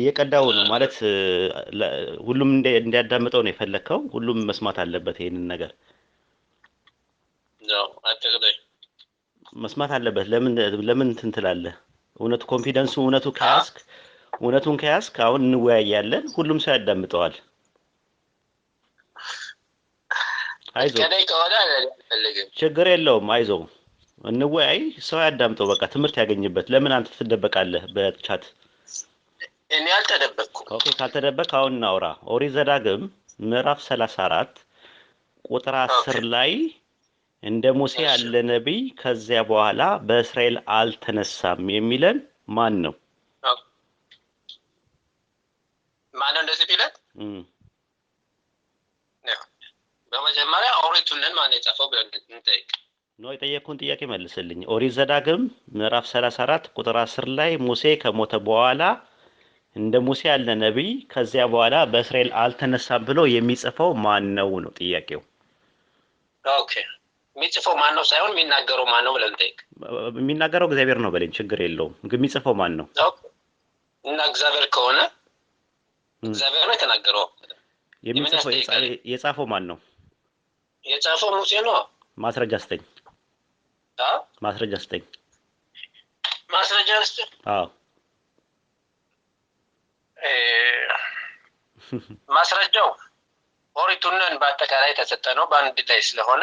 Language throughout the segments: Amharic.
እየቀዳው ነው ማለት ሁሉም እንዲያዳምጠው ነው የፈለግከው። ሁሉም መስማት አለበት ይሄንን ነገር መስማት አለበት። ለምን ለምን እንትን ትላለህ? እውነቱ ኮንፊደንሱ እውነቱ ከያዝክ እውነቱን ከያዝክ አሁን እንወያያለን። ሁሉም ሰው ያዳምጠዋል። አይዞህ ችግር የለውም። አይዞ እንወያይ። ሰው ያዳምጠው። በቃ ትምህርት ያገኝበት። ለምን አንተ ትደበቃለህ በቻት እኔ አልተደበቅኩም። ኦኬ ካልተደበቅ አሁን እናውራ። ኦሪት ዘዳግም ምዕራፍ ሰላሳ አራት ቁጥር አስር ላይ እንደ ሙሴ ያለ ነቢይ ከዚያ በኋላ በእስራኤል አልተነሳም የሚለን ማን ነው? ማን እንደዚህ ቢለን በመጀመሪያ ኦሪቱንን ማን የጻፈው ብለን እንጠይቅ። ኖ የጠየቅኩን ጥያቄ መልስልኝ። ኦሪት ዘዳግም ምዕራፍ ሰላሳ አራት ቁጥር አስር ላይ ሙሴ ከሞተ በኋላ እንደ ሙሴ ያለ ነቢይ ከዚያ በኋላ በእስራኤል አልተነሳም ብሎ የሚጽፈው ማን ነው ነው ጥያቄው። የሚጽፈው ማን ነው ሳይሆን የሚናገረው ማን ነው ብለን ጠይቅ። የሚናገረው እግዚአብሔር ነው በለኝ፣ ችግር የለውም። ግን የሚጽፈው ማን ነው እና እግዚአብሔር ከሆነ እግዚአብሔር ነው የተናገረው። የሚጽፈው የጻፈው ማን ነው? የጻፈው ሙሴ ነው። ማስረጃ ስጠኝ። ማስረጃ ስጠኝ። ማስረጃ ስጠኝ። ማስረጃው ኦሪቱና በአጠቃላይ ተሰጠ ነው፣ በአንድ ላይ ስለሆነ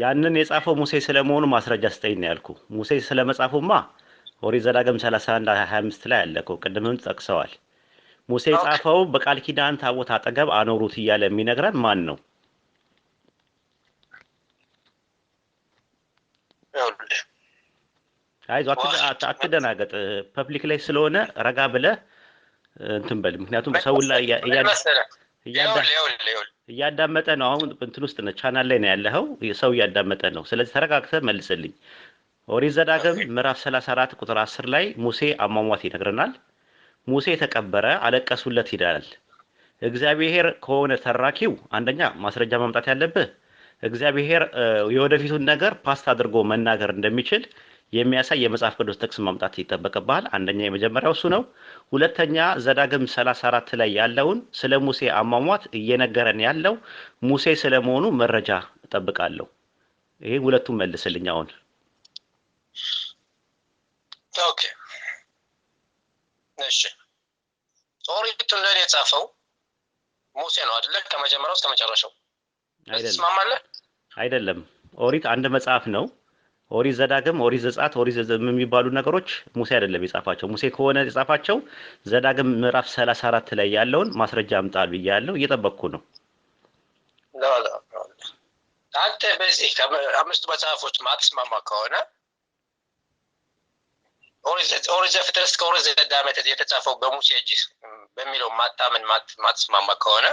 ያንን የጻፈው ሙሴ ስለመሆኑ ማስረጃ ስጠኝ ነው ያልኩ። ሙሴ ስለመጻፉማ ኦሪት ዘዳግም 31 25 ላይ አለ ቅድምም ጠቅሰዋል። ሙሴ የጻፈው በቃል ኪዳን ታቦት አጠገብ አኖሩት እያለ የሚነግረን ማን ነው? አይዞህ አትደናገጥ፣ ፐብሊክ ላይ ስለሆነ ረጋ ብለህ እንትን በል። ምክንያቱም ሰው እያዳመጠ ነው። አሁን እንትን ውስጥ ነው፣ ቻናል ላይ ነው ያለኸው። ሰው እያዳመጠ ነው። ስለዚህ ተረጋግተህ መልስልኝ። ኦሪት ዘዳግም ምዕራፍ 34 ቁጥር 10 ላይ ሙሴ አሟሟት ይነግረናል። ሙሴ ተቀበረ፣ አለቀሱለት ይላል። እግዚአብሔር ከሆነ ተራኪው አንደኛ ማስረጃ ማምጣት ያለብህ እግዚአብሔር የወደፊቱን ነገር ፓስት አድርጎ መናገር እንደሚችል የሚያሳይ የመጽሐፍ ቅዱስ ጥቅስ ማምጣት ይጠበቅብሃል። አንደኛ የመጀመሪያው እሱ ነው። ሁለተኛ ዘዳግም 34 ላይ ያለውን ስለ ሙሴ አሟሟት እየነገረን ያለው ሙሴ ስለመሆኑ መረጃ እጠብቃለሁ። ይሄ ሁለቱም መልስልኝ። አሁን ኦኬ፣ እሺ። ኦሪቱን ለእኔ የጻፈው ሙሴ ነው አይደለ? ከመጀመሪያው እስከ መጨረሻው አይደለም። ኦሪት አንድ መጽሐፍ ነው። ኦሪት ዘዳግም፣ ኦሪት ዘጸአት፣ ኦሪት የሚባሉ ነገሮች ሙሴ አይደለም የጻፋቸው። ሙሴ ከሆነ የጻፋቸው ዘዳግም ምዕራፍ ሰላሳ አራት ላይ ያለውን ማስረጃ አምጣ ብያለሁ። እየጠበቅኩ ነው። አንተ በዚህ ከአምስቱ መጽሐፎች ማትስማማ ከሆነ ኦሪት ዘፍጥረት እስከ ኦሪት ዘዳግም የተጻፈው በሙሴ እጅ በሚለው ማታምን ማትስማማ ከሆነ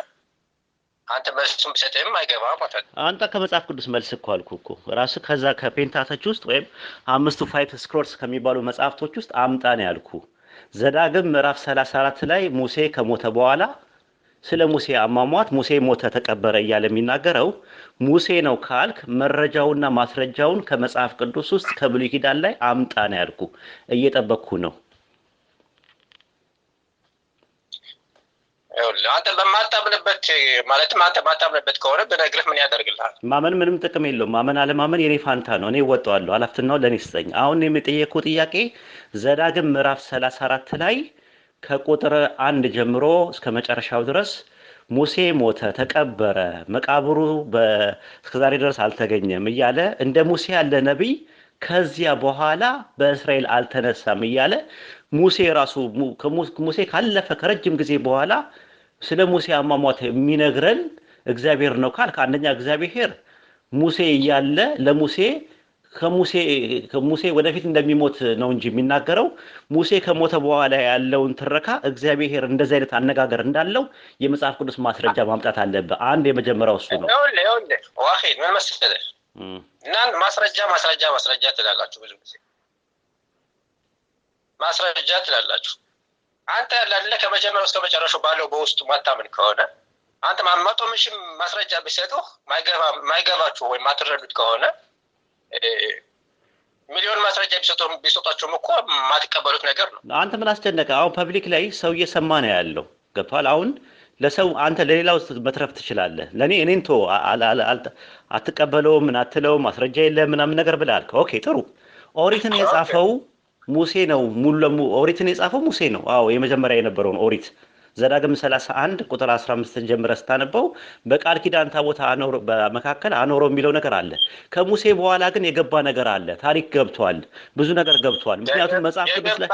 አንተ መልሱም ሰጥም አይገባ ማለት አንተ ከመጽሐፍ ቅዱስ መልስ እኮ አልኩ እኮ ራሱ ከዛ ከፔንታቶች ውስጥ ወይም አምስቱ ፋይቭ ስክሮልስ ከሚባሉ መጽሐፍቶች ውስጥ አምጣ ነው ያልኩ። ዘዳግም ምዕራፍ 34 ላይ ሙሴ ከሞተ በኋላ ስለ ሙሴ አሟሟት ሙሴ ሞተ፣ ተቀበረ እያለ የሚናገረው ሙሴ ነው ካልክ መረጃውና ማስረጃውን ከመጽሐፍ ቅዱስ ውስጥ ከብሉይ ኪዳን ላይ አምጣ ነው ያልኩ። እየጠበቅኩ ነው። አንተ በማታምንበት ማለትም አንተ ማታምንበት ከሆነ ብነግርህ ምን ያደርግልሃል? ማመን ምንም ጥቅም የለውም። ማመን አለማመን የኔ ፋንታ ነው። እኔ እወጣዋለሁ። ኃላፊነቱን ለእኔ ስጠኝ። አሁን የሚጠየቁ ጥያቄ ዘዳግም ምዕራፍ ሰላሳ አራት ላይ ከቁጥር አንድ ጀምሮ እስከ መጨረሻው ድረስ ሙሴ ሞተ፣ ተቀበረ፣ መቃብሩ እስከዛሬ ድረስ አልተገኘም እያለ እንደ ሙሴ ያለ ነቢይ ከዚያ በኋላ በእስራኤል አልተነሳም እያለ ሙሴ ራሱ ሙሴ ካለፈ ከረጅም ጊዜ በኋላ ስለ ሙሴ አሟሟት የሚነግረን እግዚአብሔር ነው ካልክ አንደኛ እግዚአብሔር ሙሴ እያለ ለሙሴ ከሙሴ ወደፊት እንደሚሞት ነው እንጂ የሚናገረው ሙሴ ከሞተ በኋላ ያለውን ትረካ እግዚአብሔር እንደዚህ አይነት አነጋገር እንዳለው የመጽሐፍ ቅዱስ ማስረጃ ማምጣት አለብህ። አንድ የመጀመሪያው እሱ ነው። ምን መሰለህ ማስረጃ ማስረጃ ማስረጃ ትላላችሁ፣ ብዙ ጊዜ ማስረጃ ትላላችሁ አንተ ለለ ከመጀመሪያው እስከ መጨረሻው ባለው በውስጡ ማታምን ከሆነ አንተ መቶ ምሽም ማስረጃ ቢሰጡህ ማይገባችሁ ወይም ማትረዱት ከሆነ ሚሊዮን ማስረጃ ቢሰጧቸውም እኮ ማትቀበሉት ነገር ነው። አንተ ምን አስጨነቀ? አሁን ፐብሊክ ላይ ሰው እየሰማ ነው ያለው። ገብቷል። አሁን ለሰው አንተ ለሌላው መትረፍ ትችላለህ። ለእኔ እኔን ቶ አትቀበለውም ምን አትለውም ማስረጃ የለ ምናምን ነገር ብለህ አልከ። ኦኬ ጥሩ ኦሪትን የጻፈው ሙሴ ነው ሙሉ ለሙ ኦሪትን የጻፈው ሙሴ ነው። አዎ የመጀመሪያ የነበረውን ኦሪት ዘዳግም 31 ቁጥር 15 ጀምረ ስታነበው በቃል ኪዳን ታቦት በመካከል አኖረው የሚለው ነገር አለ። ከሙሴ በኋላ ግን የገባ ነገር አለ። ታሪክ ገብቷል፣ ብዙ ነገር ገብቷል። ምክንያቱም መጽሐፍ ቅዱስ ላይ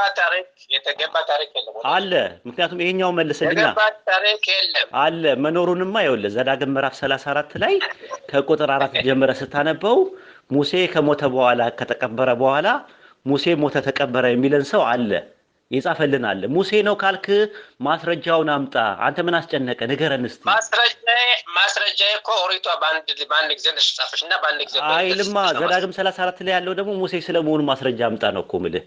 አለ። ምክንያቱም ይሄኛው መልሰልኛ አለ መኖሩንማ ይኸውልህ ዘዳግም ምዕራፍ 34 ላይ ከቁጥር አራት ጀምረ ስታነበው ሙሴ ከሞተ በኋላ ከተቀበረ በኋላ ሙሴ ሞተ ተቀበረ የሚለን ሰው አለ፣ የጻፈልን አለ። ሙሴ ነው ካልክ ማስረጃውን አምጣ። አንተ ምን አስጨነቀ? ንገረን እስኪ። ማስረጃዬ እኮ ኦሪቷ በአንድ ጊዜ እና በአንድ ጊዜ አይልማ። ዘዳግም ሰላሳ አራት ላይ ያለው ደግሞ ሙሴ ስለመሆኑ ማስረጃ አምጣ ነው እኮ የምልህ።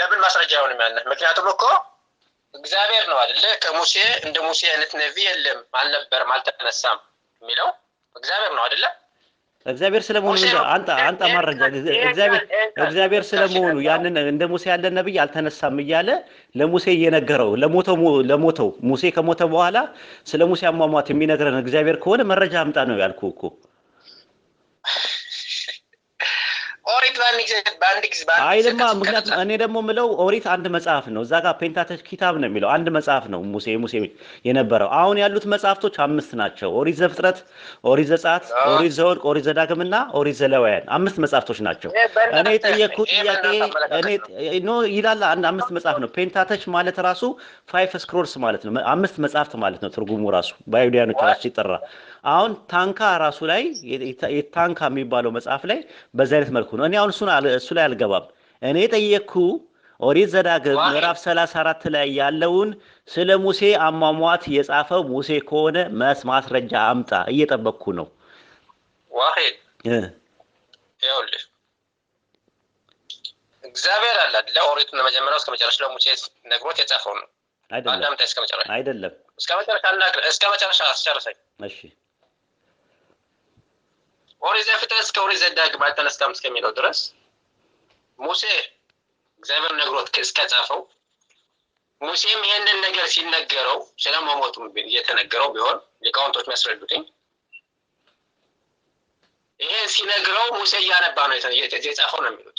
ለምን ማስረጃ አይሆንም ያለህ? ምክንያቱም እኮ እግዚአብሔር ነው አይደለ? ከሙሴ እንደ ሙሴ አይነት ነቢይ የለም፣ አልነበረም፣ አልተነሳም የሚለው እግዚአብሔር ነው አይደለም? እግዚአብሔር ስለመሆኑ አንጣ አንጣ ማረጃ እግዚአብሔር ስለመሆኑ ያንን እንደ ሙሴ ያለ ነብይ አልተነሳም እያለ ለሙሴ እየነገረው ለሞተው ለሞተው ሙሴ ከሞተ በኋላ ስለ ሙሴ አሟሟት የሚነግረን እግዚአብሔር ከሆነ መረጃ አምጣ ነው ያልኩህ እኮ። አይልማ። ምክንያቱም እኔ ደግሞ ምለው ኦሪት አንድ መጽሐፍ ነው። እዛ ጋር ፔንታተች ኪታብ ነው የሚለው አንድ መጽሐፍ ነው። ሙሴ ሙሴ የነበረው አሁን ያሉት መጽሐፍቶች አምስት ናቸው። ኦሪት ዘፍጥረት፣ ኦሪት ዘጸአት፣ ኦሪት ዘወልቅ፣ ኦሪት ዘዳግም እና ኦሪት ዘሌዋውያን አምስት መጽሐፍቶች ናቸው። እኔ የጠየኩ ጥያቄ ኖ ይላል አምስት መጽሐፍ ነው። ፔንታተች ማለት ራሱ ፋይፍ ስክሮልስ ማለት ነው። አምስት መጽሐፍት ማለት ነው ትርጉሙ ራሱ በአይሁዳውያኖች ይጠራ አሁን ታንካ ራሱ ላይ የታንካ የሚባለው መጽሐፍ ላይ በዚህ አይነት መልኩ ነው። እኔ አሁን እሱ ላይ አልገባም። እኔ የጠየቅኩ ኦሪት ዘዳግም ምዕራፍ 34 ላይ ያለውን ስለ ሙሴ አሟሟት የጻፈው ሙሴ ከሆነ መስ ማስረጃ አምጣ። እየጠበቅኩ ነው። ዋሂድ ይኸውልህ እግዚአብሔር አለ ለኦሪቱ ለመጀመሪያ እስከ መጨረሻ ለሙሴ ነግሮት የጻፈው ነው። አይደለም እስከ መጨረሻ አይደለም እስከ መጨረሻ እስከ መጨረሻ አስጨርሰኝ። እሺ ኦሪት ዘፍጥረት እስከ ኦሪት ዘዳግም አልተነሳም እስከሚለው ድረስ ሙሴ እግዚአብሔር ነግሮት እስከጻፈው ሙሴም ይህንን ነገር ሲነገረው ስለ መሞቱ እየተነገረው ቢሆን ሊቃውንቶች የሚያስረዱትኝ ይሄን ሲነግረው ሙሴ እያነባ ነው የጻፈው ነው የሚሉት።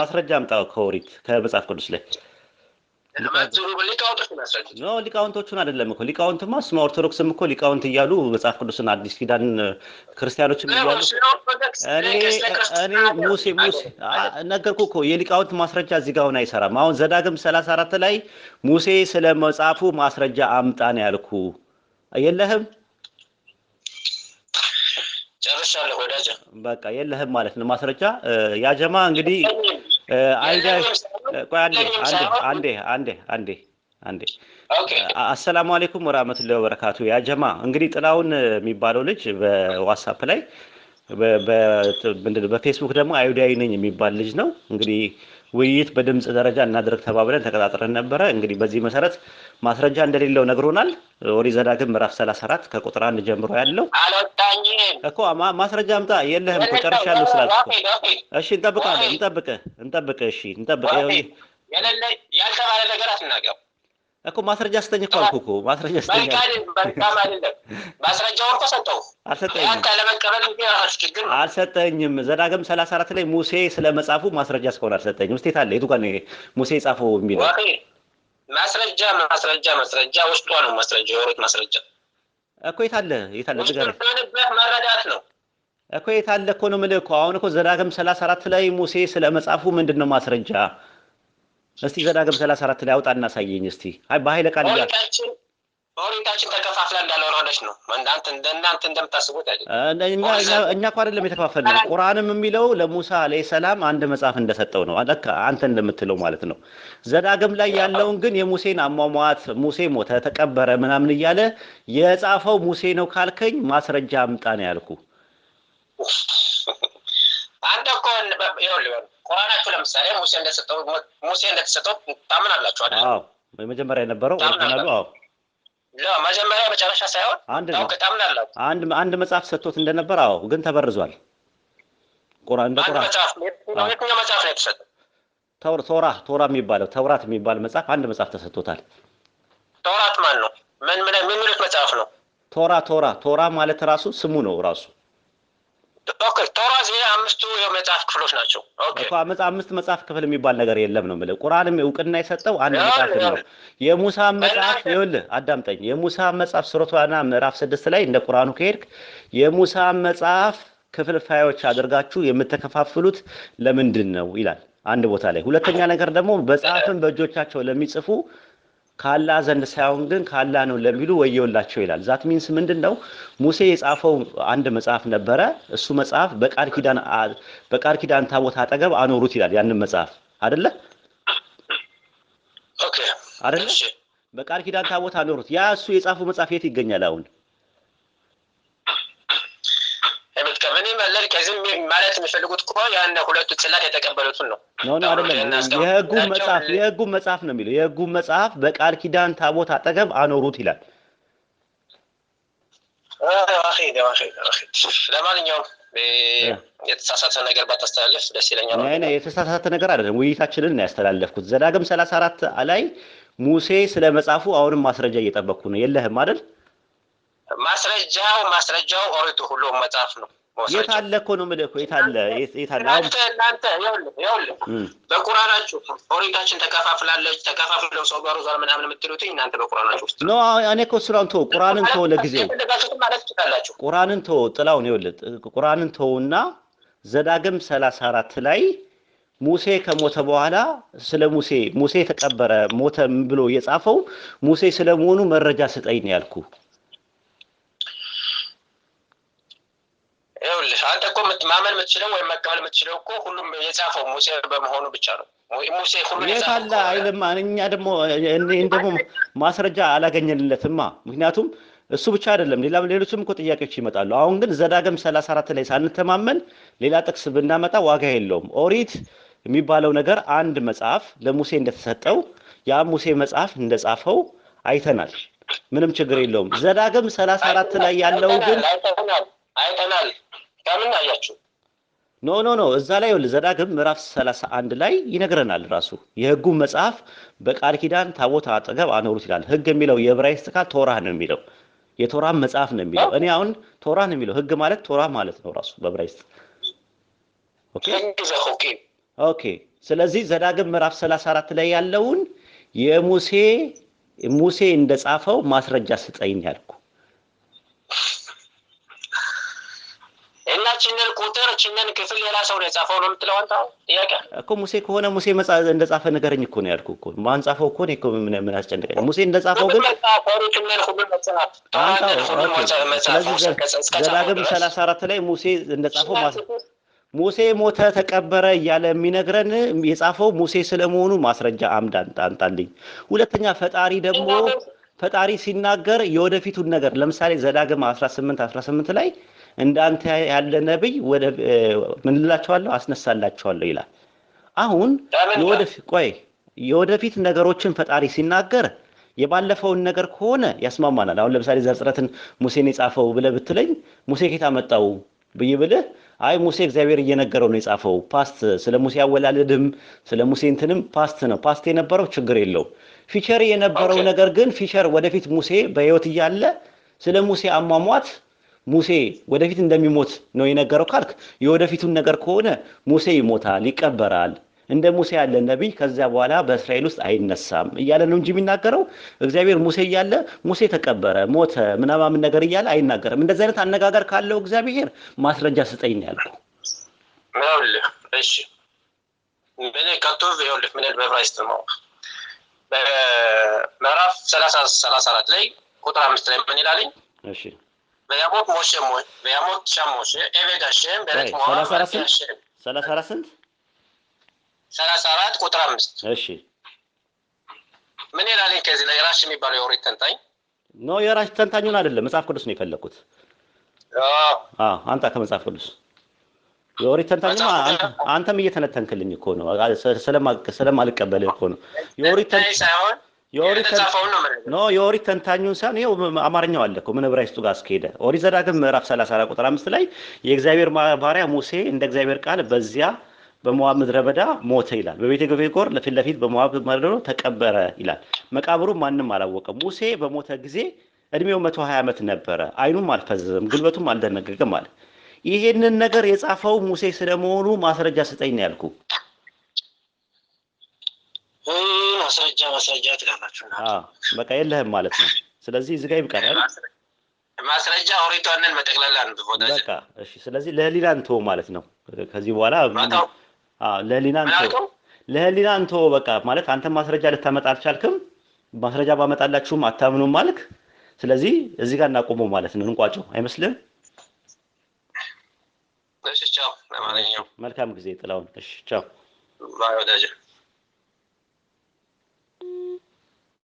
ማስረጃ አምጣ ከኦሪት ከመጽሐፍ ቅዱስ ላይ ነው ሊቃውንቶቹን አይደለም እኮ ሊቃውንትማ እሱማ ኦርቶዶክስም እኮ ሊቃውንት እያሉ መጽሐፍ ቅዱስን አዲስ ኪዳን ክርስቲያኖችም እያሉ እኔ ሙሴ ሙሴ ነገርኩ እኮ የሊቃውንት ማስረጃ እዚህ ጋር አሁን አይሰራም። አሁን ዘዳግም ሰላሳ አራት ላይ ሙሴ ስለ መጽሐፉ ማስረጃ አምጣ ነው ያልኩ። የለህም ጨርሻለሁ። በቃ የለህም ማለት ነው ማስረጃ ያጀማ እንግዲህ ቆይ አንዴ አንዴ አንዴ አንዴ አንዴ አሰላሙ አሌይኩም ወራህመቱላሂ ወበረካቱ። ያጀማ እንግዲህ ጥላውን የሚባለው ልጅ በዋትስአፕ ላይ በፌስቡክ ደግሞ አይሁዳዊ ነኝ የሚባል ልጅ ነው እንግዲህ ውይይት በድምፅ ደረጃ እናድርግ ተባብለን ተቀጣጥረን ነበረ። እንግዲህ በዚህ መሰረት ማስረጃ እንደሌለው ነግሮናል። ኦሪት ዘዳግም ምዕራፍ 34 ከቁጥር አንድ ጀምሮ ያለው እኮ ማስረጃ አምጣ የለህም እኮ ጨርሻለሁ ስላልኩ እሺ፣ እንጠብቃለን። እንጠብቅህ እንጠብቅህ እሺ፣ እንጠብቅህ ያልተባለ ነገር አትናገር እኮ ማስረጃ አስተኝ እኮ አልኩህ እኮ ማስረጃ ስጠኝ። አልሰጠኝም። ዘዳግም ሰላሳ አራት ላይ ሙሴ ስለ መጻፉ ማስረጃ እስካሁን አልሰጠኝም። ስቴት አለ የቱ ጋር ሙሴ የጻፈው የሚለው? ማስረጃ ማስረጃ ማስረጃ ውስጧ ነው ማስረጃ የወሩት ማስረጃ እኮ የታለ የታለ ነገር መረዳት ነው እኮ የታለ እኮ ነው የምልህ እኮ አሁን እኮ ዘዳግም ሰላሳ አራት ላይ ሙሴ ስለ መጻፉ ምንድን ነው ማስረጃ እስቲ ዘዳግም ሰላሳ አራት ላይ አውጣ እናሳየኝ። እስቲ አይ በኃይለ ቃል ኦሪንታችን ተከፋፍለ ተከፋፍላ እንዳልወረደች ነው። እንዳንተ እንደናንተ እንደምታስቡት አይደለም። እኛ እኮ አይደለም የተከፋፈልነው። ቁርአንም የሚለው ለሙሳ አለይ ሰላም አንድ መጽሐፍ እንደሰጠው ነው። ለካ አንተ እንደምትለው ማለት ነው። ዘዳግም ላይ ያለውን ግን የሙሴን አሟሟት ሙሴ ሞተ፣ ተቀበረ ምናምን እያለ የጻፈው ሙሴ ነው ካልከኝ ማስረጃ አምጣ ነው ያልኩ አንተ እኮ ቁርአናችሁ ለምሳሌ ሙሴ እንደተሰጠው ሙሴ እንደተሰጠው ታምናላችሁ አይደል? አዎ መጀመሪያ የነበረው ኦሪጂናሉ። አዎ መጀመሪያ መጨረሻ ሳይሆን አንድ ነው። ታምናላችሁ። አንድ አንድ መጽሐፍ ሰጥቶት እንደነበር አዎ፣ ግን ተበርዟል። ቁርአን እንደ ቁርአን መጽሐፍ የትኛው መጽሐፍ ነው የተሰጠው? ተውራ ተውራ ተውራ የሚባለው ተውራት የሚባል መጽሐፍ አንድ መጽሐፍ ተሰጥቶታል። ተውራት ማን ነው? ምን ምን የሚሉት መጽሐፍ ነው? ቶራ ቶራ ቶራ ማለት ራሱ ስሙ ነው ራሱ ቶራዝ ይሄ አምስቱ የመጽሐፍ ክፍሎች ናቸው። አምስት መጽሐፍ ክፍል የሚባል ነገር የለም ነው የምልህ። ቁርአንም እውቅና የሰጠው አንድ መጽሐፍ ነው። የሙሳ መጽሐፍ ይኸውልህ፣ አዳምጠኝ። የሙሳ መጽሐፍ ሱረቱና ምዕራፍ ስድስት ላይ እንደ ቁርአኑ ከሄድክ የሙሳ መጽሐፍ ክፍልፋዮች አድርጋችሁ የምትከፋፍሉት ለምንድን ነው ይላል አንድ ቦታ ላይ። ሁለተኛ ነገር ደግሞ መጽሐፍን በእጆቻቸው ለሚጽፉ ካላ ዘንድ ሳይሆን ግን ካላ ነው ለሚሉ ወየውላቸው ይላል። ዛት ሚንስ ምንድን ነው? ሙሴ የጻፈው አንድ መጽሐፍ ነበረ። እሱ መጽሐፍ በቃል ኪዳን በቃል ኪዳን ታቦት አጠገብ አኖሩት ይላል። ያንን መጽሐፍ አይደለ አይደለ? በቃል ኪዳን ታቦት አኖሩት። ያ እሱ የጻፈው መጽሐፍ የት ይገኛል አሁን? እስከምን መለድ ከዚህ ማለት የሚፈልጉት እኮ ያን ሁለቱ ጽላት የተቀበሉትን ነው። ኖ ኖ አይደለም። የህጉ መጽሐፍ የህጉ መጽሐፍ ነው የሚለው። የህጉ መጽሐፍ በቃል ኪዳን ታቦት አጠገብ አኖሩት ይላል። ለማንኛውም የተሳሳተ ነገር ባታስተላለፍ ደስ ይለኛል። ነ የተሳሳተ ነገር አይደለም፣ ውይይታችንን ያስተላለፍኩት ዘዳግም ሰላሳ አራት ላይ ሙሴ ስለ መጽሐፉ አሁንም ማስረጃ እየጠበቅኩ ነው። የለህም አይደል? ማስረጃው ማስረጃው ኦሪቱ ሁሉ መጽሐፍ ነው። የታለ እኮ ነው የምልህ እኮ የታለ የታለ እናንተ ይኸውልህ ይኸውልህ በቁራናችሁ ኦሪንታችን ተከፋፍላለች ተከፋፍለው ሰው ጋር ዟል ምናምን የምትሉት እናንተ በቁራናችሁ ውስጥ ነው። እኔ እኮ ስራውን ተወው፣ ቁራንን ተወው፣ ለጊዜው ቁራንን ተወው፣ ጥላውን ይኸውልህ ቁራንን ተወውና ዘዳግም ሰላሳ አራት ላይ ሙሴ ከሞተ በኋላ ስለ ሙሴ ሙሴ ተቀበረ ሞተ ብሎ የጻፈው ሙሴ ስለመሆኑ መረጃ ስጠኝ ያልኩ ይኸውልሽ አንተ እኮ ማመን የምትችለው ወይም መቀበል የምትችለው እኮ ሁሉም የጻፈው ሙሴ በመሆኑ ብቻ ነው። ሙሴ አለ አይልም። እኛ ደግሞ ደግሞ ማስረጃ አላገኘንለትማ። ምክንያቱም እሱ ብቻ አይደለም፣ ሌላም ሌሎችም እኮ ጥያቄዎች ይመጣሉ። አሁን ግን ዘዳግም ሰላሳ አራት ላይ ሳንተማመን ሌላ ጥቅስ ብናመጣ ዋጋ የለውም። ኦሪት የሚባለው ነገር አንድ መጽሐፍ ለሙሴ እንደተሰጠው ያ ሙሴ መጽሐፍ እንደጻፈው አይተናል። ምንም ችግር የለውም። ዘዳግም ሰላሳ አራት ላይ ያለው ግን አይተናል ያንን አያችሁ። ኖ ኖ ኖ እዛ ላይ ዘዳግም ምዕራፍ 31 ላይ ይነግረናል ራሱ የህጉ መጽሐፍ በቃል ኪዳን ታቦት አጠገብ አኖሩት ይላል። ህግ የሚለው የዕብራይስጥ ቃል ቶራህ ነው የሚለው የቶራን መጽሐፍ ነው የሚለው። እኔ አሁን ቶራህ ነው የሚለው ህግ ማለት ቶራ ማለት ነው ራሱ በዕብራይስጥ ኦኬ። ስለዚህ ዘዳግም ምዕራፍ 34 ላይ ያለውን የሙሴ ሙሴ እንደጻፈው ማስረጃ ስጠኝ ያልኩ እና ችንን ቁጥር ችንን ክፍል ሌላ ሰው ነው የጻፈው ነው የምትለው አንተ። ጥያቄ እኮ ሙሴ ከሆነ ሙሴ እንደጻፈ ነገረኝ እኮ ነው ያልኩ እኮ ማን ጻፈው እኮ ነው ምን አስጨንቀኝ። ሙሴ እንደጻፈው ግን ዘዳግም ሰላሳ አራት ላይ ሙሴ እንደጻፈው ሙሴ ሞተ ተቀበረ እያለ የሚነግረን የጻፈው ሙሴ ስለመሆኑ ማስረጃ አምድ አንጣልኝ። ሁለተኛ ፈጣሪ ደግሞ ፈጣሪ ሲናገር የወደፊቱን ነገር ለምሳሌ ዘዳግም አስራ ስምንት አስራ ስምንት ላይ እንዳንተ ያለ ነብይ ወደ ምንላቸዋለሁ አስነሳላቸዋለሁ ይላል። አሁን የወደፊት ቆይ የወደፊት ነገሮችን ፈጣሪ ሲናገር የባለፈውን ነገር ከሆነ ያስማማናል። አሁን ለምሳሌ ዘፍጥረትን ሙሴን የጻፈው ብለህ ብትለኝ ሙሴ ከየት አመጣው ብዬ ብልህ አይ ሙሴ እግዚአብሔር እየነገረው ነው የጻፈው። ፓስት ስለ ሙሴ አወላለድም ስለ ሙሴ እንትንም ፓስት ነው። ፓስት የነበረው ችግር የለው ፊቸር የነበረው ነገር ግን ፊቸር ወደፊት ሙሴ በህይወት እያለ ስለ ሙሴ አሟሟት ሙሴ ወደፊት እንደሚሞት ነው የነገረው ካልክ የወደፊቱን ነገር ከሆነ ሙሴ ይሞታል፣ ይቀበራል እንደ ሙሴ ያለ ነቢይ ከዚያ በኋላ በእስራኤል ውስጥ አይነሳም እያለ ነው እንጂ የሚናገረው እግዚአብሔር ሙሴ እያለ ሙሴ ተቀበረ፣ ሞተ፣ ምናምን ነገር እያለ አይናገርም። እንደዚህ አይነት አነጋገር ካለው እግዚአብሔር ማስረጃ ስጠኝ ነው ያልኩህ። እሺ ሰላሳ አራት ላይ ቁጥር አምስት ላይ ምን ይላለኝ? וימות משה, וימות שם משה, עבד השם, בארץ מואב, על השם. ሰላሳ አራት ስንት? ሰላሳ አራት ቁጥር አምስት እሺ ምን ይላልኝ? ከዚህ ላይ ራሽ የሚባለው የኦሪት ተንታኝ ኖ የራሽ ተንታኙን አይደለም፣ መጽሐፍ ቅዱስ ነው የፈለግኩት። አዎ ከመጽሐፍ ቅዱስ የኦሪት ተንታኝ አንተም እየተነተንክልኝ እኮ ነው፣ ስለማልቀበል እኮ ነው የኦሪት ተንታኝ ሳይሆን የኦሪት ተንታኙን ሳይሆን ይኸው አማርኛው አለ እኮ ምን ዕብራይስጡ ጋር እስከሄደ ኦሪት ዘዳግም ምዕራፍ 34 ቁጥር አምስት ላይ የእግዚአብሔር ባሪያ ሙሴ እንደ እግዚአብሔር ቃል በዚያ በሞዓብ ምድረ በዳ ሞተ ይላል። በቤተ ግቤጎር ለፊት ለፊት በሞዓብ መርዶ ተቀበረ ይላል። መቃብሩ ማንም አላወቀም። ሙሴ በሞተ ጊዜ እድሜው መቶ 120 ዓመት ነበረ። አይኑም አልፈዘዘም፣ ጉልበቱም አልደነገገም አለ። ይሄንን ነገር የጻፈው ሙሴ ስለመሆኑ ማስረጃ ስጠኝ ያልኩ። ማስረጃ ማስረጃ ትጋላችሁ በቃ የለህም ማለት ነው። ስለዚህ እዚህ ጋር ይብቃላል። ማስረጃ አውሪቷንን መጠቅላላ በቃ እሺ። ስለዚህ ለህሊና እንተው ማለት ነው። ከዚህ በኋላ ለህሊና እንተው ለህሊና እንተው በቃ ማለት አንተ ማስረጃ ልታመጣ አልቻልክም፣ ማስረጃ ባመጣላችሁም አታምኑም ማልክ። ስለዚህ እዚህ ጋር እናቆመው ማለት ነው። እንቋጨው አይመስልም? እሺ ቻው። ለማንኛውም መልካም ጊዜ ጥላውን። እሺ ቻው ባይ ወዳጅ